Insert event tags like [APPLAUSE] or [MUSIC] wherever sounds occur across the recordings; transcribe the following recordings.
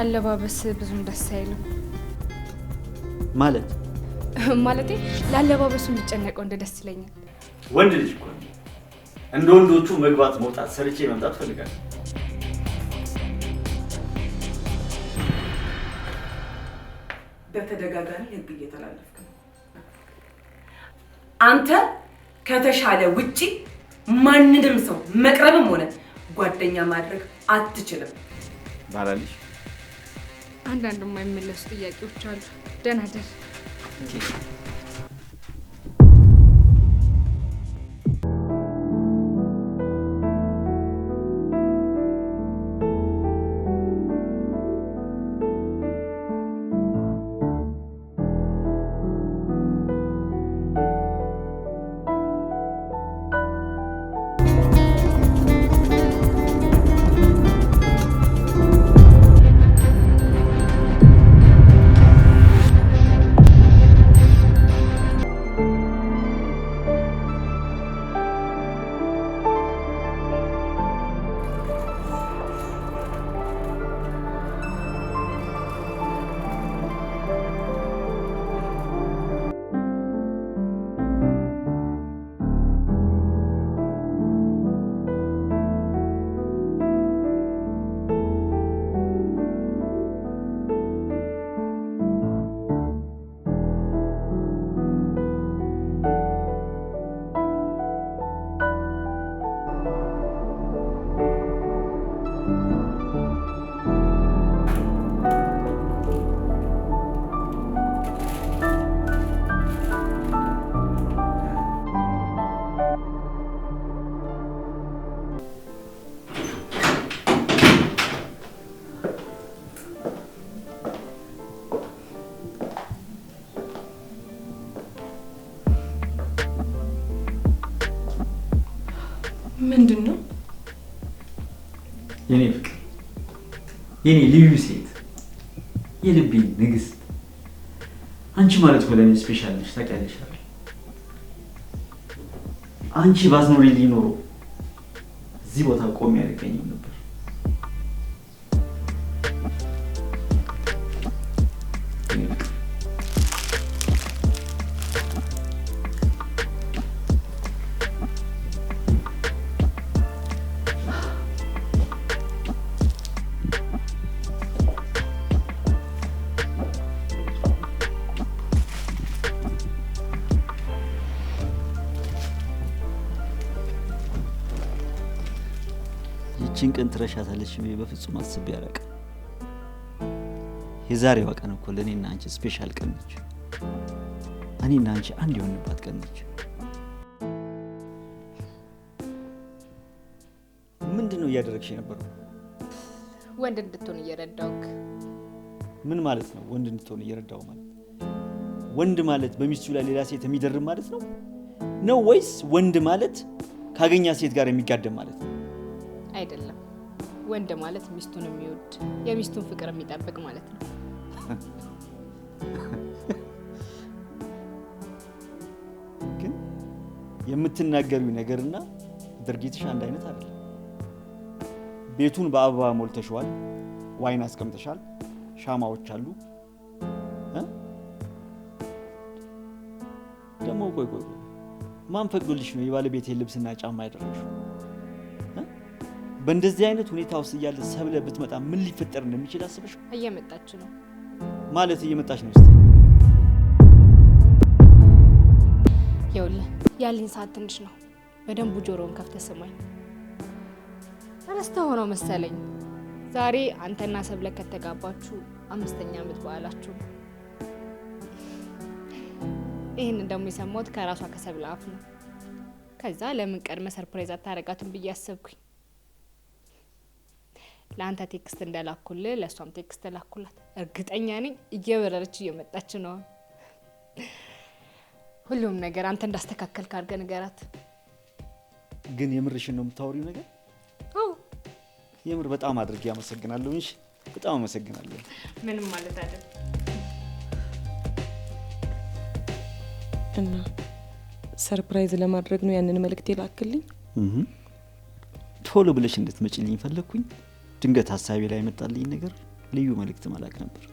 አለባበስ ብዙም ደስ አይልም። ማለት ማለቴ ለአለባበሱ የሚጨነቀው እንደ ደስ ይለኛል። ወንድ ልጅ እኮ እንደ ወንዶቹ መግባት መውጣት፣ ሰርቼ መምጣት ፈልጋል። በተደጋጋሚ ህግ እየተላለፍክ ነው። አንተ ከተሻለ ውጪ ማንንም ሰው መቅረብም ሆነ ጓደኛ ማድረግ አትችልም። ባላልሽ አንዳንድ የማይመለሱ ጥያቄዎች አሉ። ደህና ደር የኔ ልዩ ሴት፣ የልቤ ንግስት፣ አንቺ ማለት እኮ ለእኔ ስፔሻል ነሽ። ታውቂያለሽ አይደል? አንቺ ባትኖሪ ሊኖረው እዚህ ቦታ ቆሜ አያደርገኝም ነበር። ቀን ትረሻታለች ብዬ በፍጹም አስቤ አላውቅም። የዛሬዋ ቀን እኮ ለእኔና አንቺ ስፔሻል ቀን ነች። እኔና አንቺ አንድ የሆንባት ቀን ነች። ምንድን ነው እያደረግሽ የነበረው? ወንድ እንድትሆን እየረዳውክ። ምን ማለት ነው ወንድ እንድትሆን እየረዳው ማለት? ወንድ ማለት በሚስቱ ላይ ሌላ ሴት የሚደርም ማለት ነው ነው ወይስ ወንድ ማለት ካገኛ ሴት ጋር የሚጋደም ማለት ነው? ወንድ ማለት ሚስቱን የሚወድ የሚስቱን ፍቅር የሚጠብቅ ማለት ነው። ግን የምትናገሪው ነገርና ድርጊትሽ አንድ አይነት አለ። ቤቱን በአበባ ሞልተሽዋል፣ ዋይን አስቀምጠሻል፣ ሻማዎች አሉ። ደግሞ ቆይ ቆይ ማን ፈቅዶልሽ ነው የባለቤቴ ልብስና ጫማ ያደረግሽው? በእንደዚህ አይነት ሁኔታ ውስጥ እያለ ሰብለ ብትመጣ ምን ሊፈጠር እንደሚችል አስበሽ? እየመጣች ነው ማለት እየመጣች ነው ስ ይኸውልህ፣ ያለኝ ሰዓት ትንሽ ነው። በደንቡ ጆሮውን ከፍተ ስማኝ። ረስተ ሆነው መሰለኝ ዛሬ አንተና ሰብለ ከተጋባችሁ አምስተኛ ዓመት በዓላችሁ። ይህንን ደግሞ የሰማሁት ከራሷ ከሰብለ አፍ ነው። ከዛ ለምን ቀድመ ሰርፕራይዝ አታረጋቱን ብዬ አሰብኩኝ። ለአንተ ቴክስት እንደላኩል ለእሷም ቴክስት ላኩላት። እርግጠኛ ነኝ እየበረረች እየመጣች ነው። ሁሉም ነገር አንተ እንዳስተካከል ካርገ ንገራት። ግን የምርሽን ነው የምታወሪው ነገር? አዎ የምር በጣም አድርጌ አመሰግናለሁ። እሺ በጣም አመሰግናለሁ። ምንም ማለት አይደል እና ሰርፕራይዝ ለማድረግ ነው ያንን መልእክት የላክልኝ። ቶሎ ብለሽ እንድትመጪልኝ ፈለግኩኝ። ድንገት ሀሳቤ ላይ የመጣልኝ ነገር ልዩ መልእክት መላክ ነበር።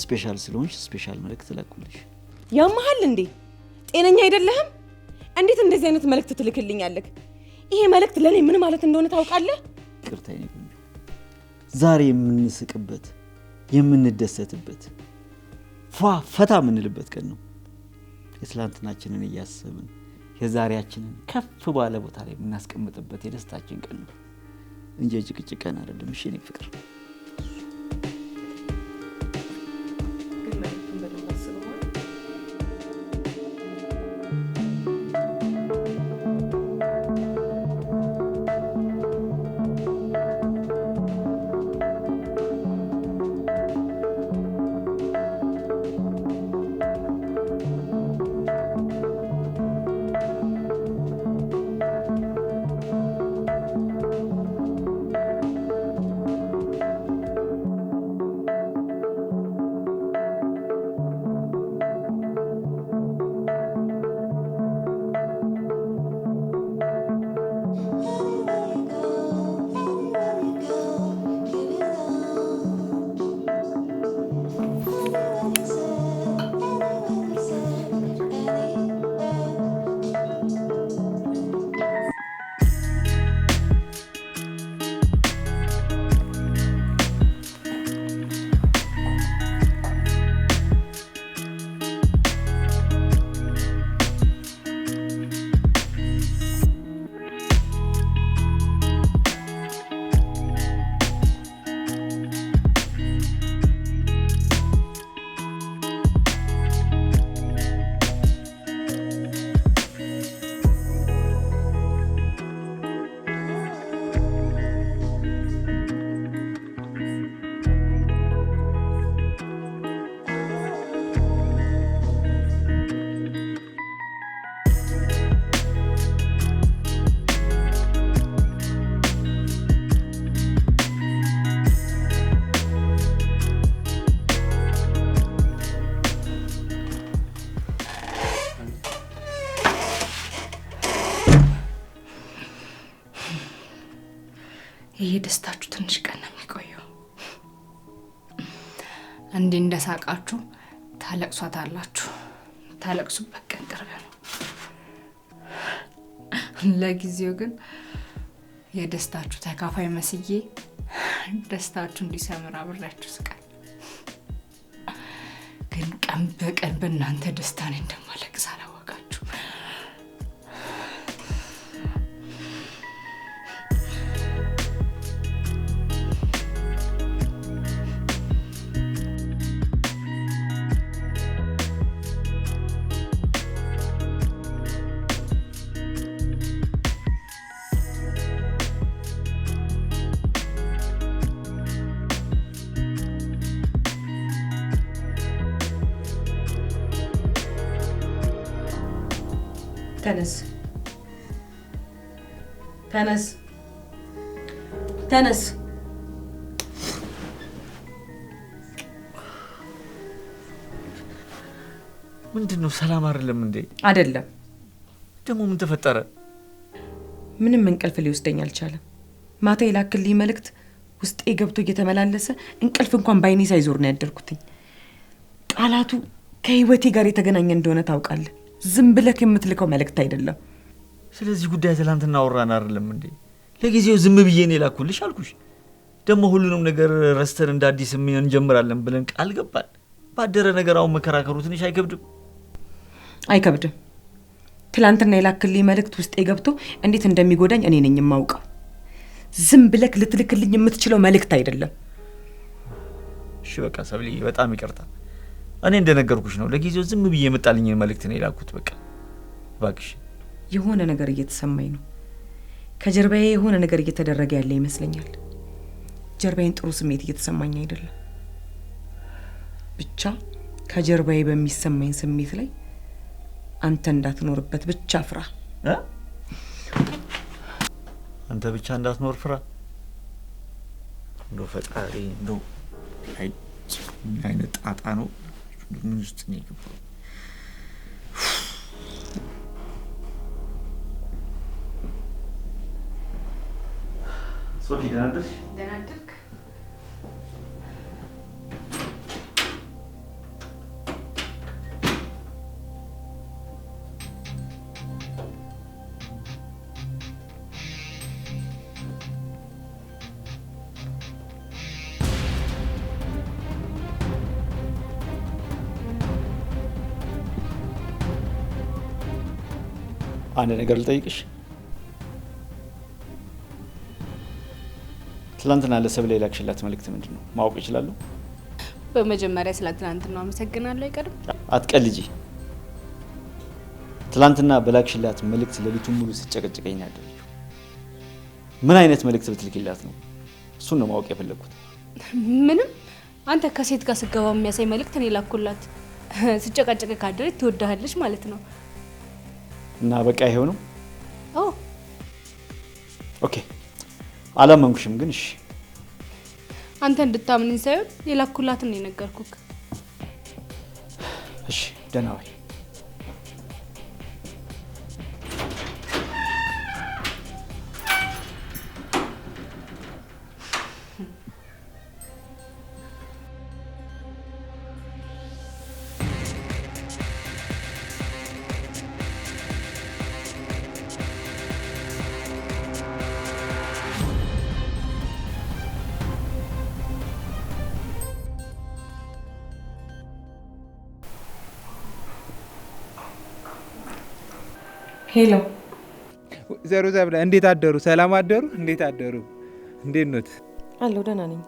ስፔሻል ስለሆንሽ ስፔሻል መልእክት እላኩልሽ። ያመሃል እንዴ? ጤነኛ አይደለህም? እንዴት እንደዚህ አይነት መልእክት ትልክልኛለህ? ይሄ መልእክት ለእኔ ምን ማለት እንደሆነ ታውቃለህ? ቅርታ ዛሬ የምንስቅበት የምንደሰትበት ፏ ፈታ የምንልበት ቀን ነው። የትላንትናችንን እያሰብን የዛሬያችንን ከፍ ባለ ቦታ ላይ የምናስቀምጥበት የደስታችን ቀን ነው። እንጂ ጭቅጭቀን አይደለም። እሺ ፍቅር እንዴ እንደሳቃችሁ ታለቅሷታላችሁ። ታለቅሱበት ቀን ቅርብ ነው። ለጊዜው ግን የደስታችሁ ተካፋይ መስዬ ደስታችሁ እንዲሰምር አብሬያችሁ ስቃል። ግን ቀን በቀን በእናንተ ደስታ እኔ እንደማለቅሳል ተነስ ተነስ ተነስ። ምንድን ነው? ሰላም አይደለም እንዴ? አይደለም። ደግሞ ምን ተፈጠረ? ምንም እንቅልፍ ሊወስደኝ አልቻለም። ማታ የላክልኝ መልእክት ውስጤ ገብቶ እየተመላለሰ እንቅልፍ እንኳን በአይኔ ሳይዞር ነው ያደርኩትኝ። ቃላቱ ከህይወቴ ጋር የተገናኘ እንደሆነ ታውቃለህ። ዝም ብለክ የምትልከው መልእክት አይደለም። ስለዚህ ጉዳይ ትላንትና አወራን አይደለም እንዴ? ለጊዜው ዝም ብዬ የላኩልሽ አልኩሽ። ደግሞ ሁሉንም ነገር ረስተን እንደ አዲስ እንጀምራለን ብለን ቃል ገባል። ባደረ ነገር አሁን መከራከሩ ትንሽ አይከብድም? አይከብድም። ትላንትና የላክልኝ መልእክት ውስጤ ገብቶ እንዴት እንደሚጎዳኝ እኔ ነኝ የማውቀው። ዝም ብለክ ልትልክልኝ የምትችለው መልእክት አይደለም። እሺ በቃ ሰብሌ፣ በጣም ይቀርታል። እኔ እንደነገርኩሽ ነው። ለጊዜው ዝም ብዬ የመጣልኝን መልእክት ነው የላኩት። በቃ እባክሽ። የሆነ ነገር እየተሰማኝ ነው። ከጀርባዬ የሆነ ነገር እየተደረገ ያለ ይመስለኛል። ጀርባዬን ጥሩ ስሜት እየተሰማኝ አይደለም። ብቻ ከጀርባዬ በሚሰማኝ ስሜት ላይ አንተ እንዳትኖርበት ብቻ ፍራ። አንተ ብቻ እንዳትኖር ፍራ። እንዶ ፈጣሪ እንዶ አይነት ጣጣ ነው። nichts nie gebaut. So, die Denatür? Denatür. አንድ ነገር ልጠይቅሽ። ትላንትና ለሰብለ የላክሽላት መልእክት ምንድን ነው ማወቅ ይችላሉ? በመጀመሪያ ስለ ትላንትናው አመሰግናለሁ። አይቀርም አትቀልጂ። ትላንትና በላክሽላት መልእክት ሌሊቱን ሙሉ ስጨቀጨቀኝ ነው ያደረችው። ምን አይነት መልእክት ብትልክላት ነው? እሱን ነው ማወቅ የፈለግኩት። ምንም አንተ ከሴት ጋር ስገባ የሚያሳይ መልእክት እኔ ላኩላት። ስጨቃጨቀ ካደረች ትወዳሃለች ማለት ነው። እና በቃ ይሄው ነው። ኦኬ አላመንኩሽም፣ ግን እሺ አንተ እንድታምንኝ ሳይሆን የላኩላትን ነው የነገርኩህ። እሺ ደህና ዋይ ሄሎ ዘሩ ዘብለ እንዴት አደሩ? ሰላም አደሩ? እንዴት አደሩ? እንዴት ኖት? አለሁ ደህና ነኝ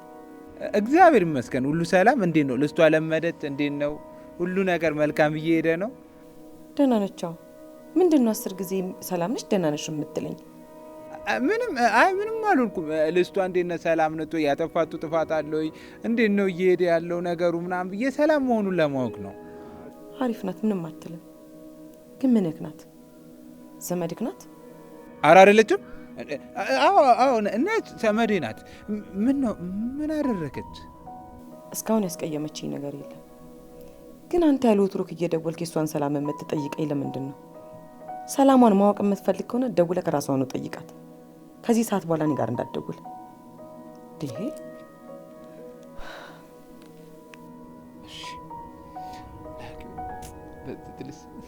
እግዚአብሔር ይመስገን። ሁሉ ሰላም? እንዴት ነው ልስቷ? አለመደት? እንዴት ነው ሁሉ ነገር? መልካም እየሄደ ነው? ደህና ነች። ምንድን ነው አስር ጊዜ ሰላም ነች ደህና ነሽ የምትለኝ? ምንም አይ ምንም አልሆንኩም። ልስቷ እንዴት ነው? ሰላም ነቶ? ያጠፋቱ ጥፋት አለ ወይ? እንዴት ነው እየሄደ ያለው ነገሩ ምናምን ብዬ ሰላም መሆኑን ለማወቅ ነው። አሪፍ ናት፣ ምንም አትልም። ግን ምንክ ናት ዘመድክ ናት? ኧረ አይደለችም። እናት ዘመዴ ናት። ምን ነው ምን አደረገች? እስካሁን ያስቀየመችኝ ነገር የለም። ግን አንተ ያለ ወትሮክ እየደወልክ የእሷን ሰላም የምትጠይቀኝ ለምንድን ነው? ሰላሟን ማወቅ የምትፈልግ ከሆነ ደውለ ከራሷ ነው ጠይቃት። ከዚህ ሰዓት በኋላ እኔ ጋር እንዳትደውል።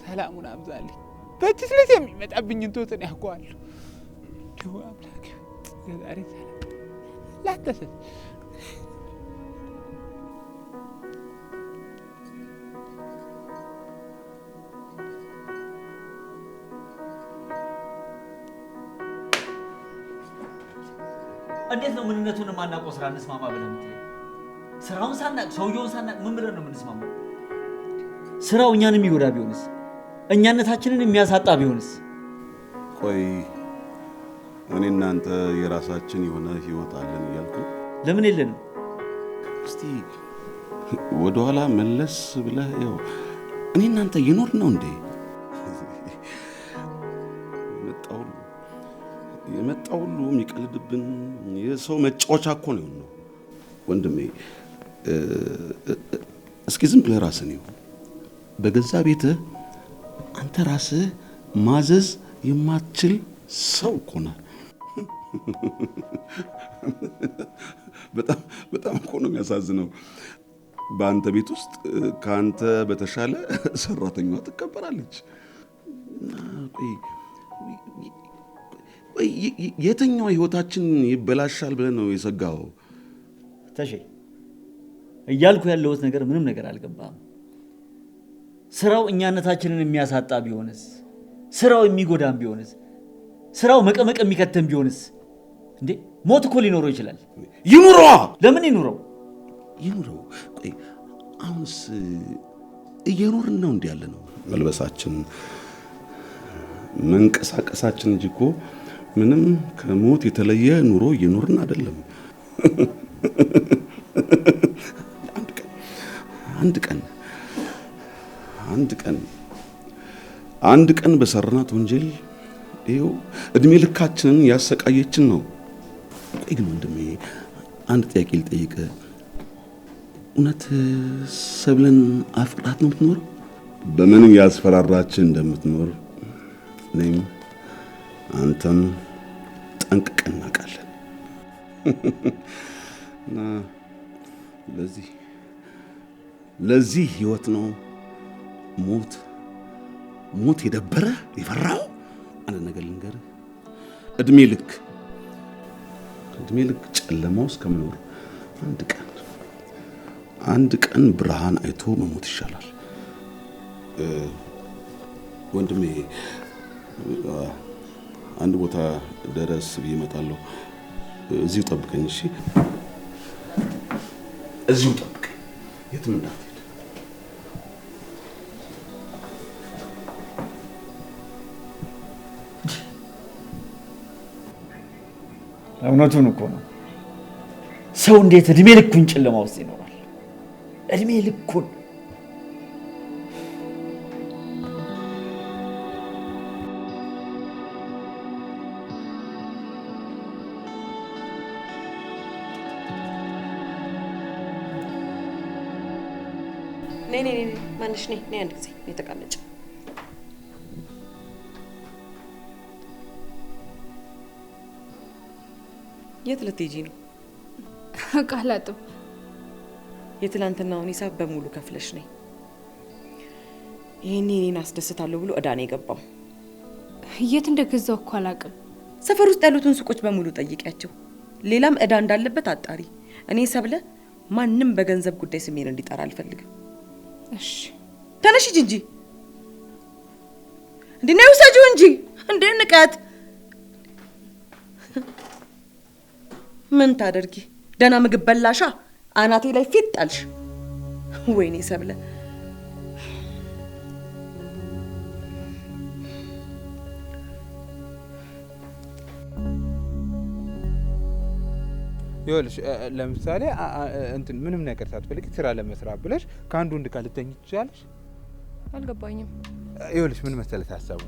ሰላሙን አብዛልኝ። በትስለት የሚመጣብኝን ጦጥን ያውቀዋለሁ። ደው አምላክ ዛሬ ላተሰት እንዴት ነው ምንነቱን የማናውቀው? ስራ እንስማማ ብለን የምትለኝ ስራውን ሳናቅ ሰውየውን ሳናቅ ምን ብለን ነው የምንስማማው? ስራው እኛንም ይጎዳ ቢሆንስ? እኛነታችንን የሚያሳጣ ቢሆንስ? ቆይ እኔ እናንተ የራሳችን የሆነ ህይወት አለን እያልኩ ለምን የለንም? እስቲ ወደኋላ መለስ ብለህ ያው እኔ እናንተ የኖር ነው እንዴ? የመጣ ሁሉ የሚቀልድብን የሰው መጫወቻ እኮ ነው ነው። ወንድሜ እስኪ ዝም ብለህ ራስን ይሁን በገዛ ቤትህ አንተ ራስህ ማዘዝ የማትችል ሰው እኮ ነህ። በጣም በጣም እኮ ነው የሚያሳዝነው። በአንተ ቤት ውስጥ ከአንተ በተሻለ ሰራተኛዋ ትከበራለች። የትኛው ህይወታችን ይበላሻል ብለን ነው የሰጋው? ተሼ እያልኩ ያለሁት ነገር ምንም ነገር አልገባም። ስራው እኛነታችንን የሚያሳጣ ቢሆንስ? ስራው የሚጎዳም ቢሆንስ? ስራው መቀመቅ የሚከተም ቢሆንስ? እንዴ ሞት እኮ ሊኖረው ይችላል። ይኑረዋ። ለምን ይኑረው? ይኑረው። ቆይ አሁንስ እየኖርን ነው እንዲ ያለ ነው። መልበሳችን፣ መንቀሳቀሳችን እንጂ እኮ ምንም ከሞት የተለየ ኑሮ እየኖርን አይደለም። [LAUGHS] አንድ ቀን አንድ ቀን አንድ ቀን አንድ ቀን በሰራናት ወንጀል ይኸው እድሜ ልካችንን ያሰቃየችን ነው። ቆይ ግን ወንድሜ አንድ ጥያቄ ልጠይቅ። እውነት ሰብለን አፍቅራት ነው የምትኖር? በምን ያስፈራራችን እንደምትኖር እኔም አንተም ጠንቅቀን እናውቃለን። [LAUGHS] እና ለዚህ ለዚህ ህይወት ነው ሞት ሞት የደበረ የፈራው አንድ ነገር ልንገር፣ እድሜ ልክ እድሜ ልክ ጨለማ ውስጥ ከምኖር አንድ ቀን አንድ ቀን ብርሃን አይቶ መሞት ይሻላል። ወንድሜ አንድ ቦታ ደረስ ብዬ እመጣለሁ። እዚሁ ጠብቀኝ፣ እሺ? እዚሁ ጠብቀኝ፣ የትም እንዳት እውነቱን እኮ ነው። ሰው እንዴት እድሜ ልኩን ጨለማ ውስጥ ይኖራል? እድሜ ልኩን ነይ ማንሽ ኔ ኔ አንድ ጊዜ ኔ ተቀመጭ። የት ልትሄጂ ነው? ቃላጥም የትላንትናውን ሂሳብ በሙሉ ከፍለሽ ነኝ። ይህኔ እኔን አስደስታለሁ ብሎ እዳ ነው የገባው። የት እንደገዛው እኮ አላቅም። ሰፈር ውስጥ ያሉትን ሱቆች በሙሉ ጠይቂያቸው። ሌላም እዳ እንዳለበት አጣሪ። እኔ ሰብለ ማንም በገንዘብ ጉዳይ ስሜን እንዲጠራ አልፈልግም። እሺ ተነሽ ሂጂ እንጂ እንዲና ይውሰጂው እንጂ እንዴ ንቀት ምን ታደርጊ? ደህና ምግብ በላሻ። አናቴ ላይ ፊት ጣልሽ። ወይኔ ሰብለ፣ ይኸውልሽ ለምሳሌ እንትን ምንም ነገር ሳትፈልግ ስራ ለመስራት ብለሽ ከአንዱ ወንድ ጋር ልተኝ ትችላለሽ። አልገባኝም። ይኸውልሽ ምን መሰለ ሀሳቡ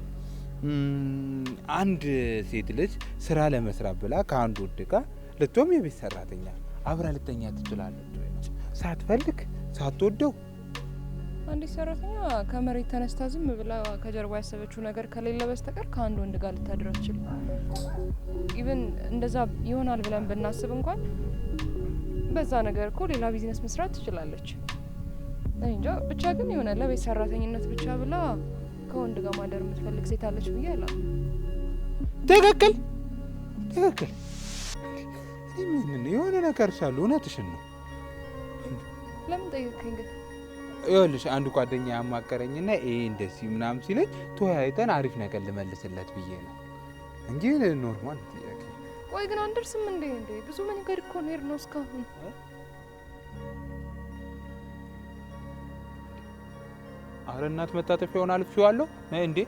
አንድ ሴት ልጅ ስራ ለመስራት ብላ ከአንዱ ወንድ ጋር ልቶም የቤት ሰራተኛ አብራ ልተኛ ትችላለች። ሳትፈልግ ሳትወደው አንዲት ሰራተኛ ከመሬት ተነስታ ዝም ብላ ከጀርባ ያሰበችው ነገር ከሌለ በስተቀር ከአንድ ወንድ ጋር ልታድር አትችልም። ኢቨን እንደዛ ይሆናል ብለን ብናስብ እንኳን በዛ ነገር እኮ ሌላ ቢዝነስ መስራት ትችላለች። እንጃ ብቻ ግን የሆነ ለቤት ሰራተኝነት ብቻ ብላ ከወንድ ጋር ማደር የምትፈልግ ሴት አለች ብዬ አላ ትክክል ትክክል ምን የሆነ ነገር ሻሉ። እውነትሽን ነው። ለምን ጠየቅከኝ? ይኸውልሽ አንድ ጓደኛ ያማከረኝና ይሄ እንደዚህ ምናምን ሲለኝ ተወያይተን አሪፍ ነገር ልመልስለት ብዬ ነው እንጂ ኖርማል ጥያቄ። ወይ ግን አንደርስም እንዴ? እንዴ ብዙ መንገድ እኮ ነው የሄድነው እስካሁን። አረ እናት መታጠፊያውን አልፌዋለሁ እንዴ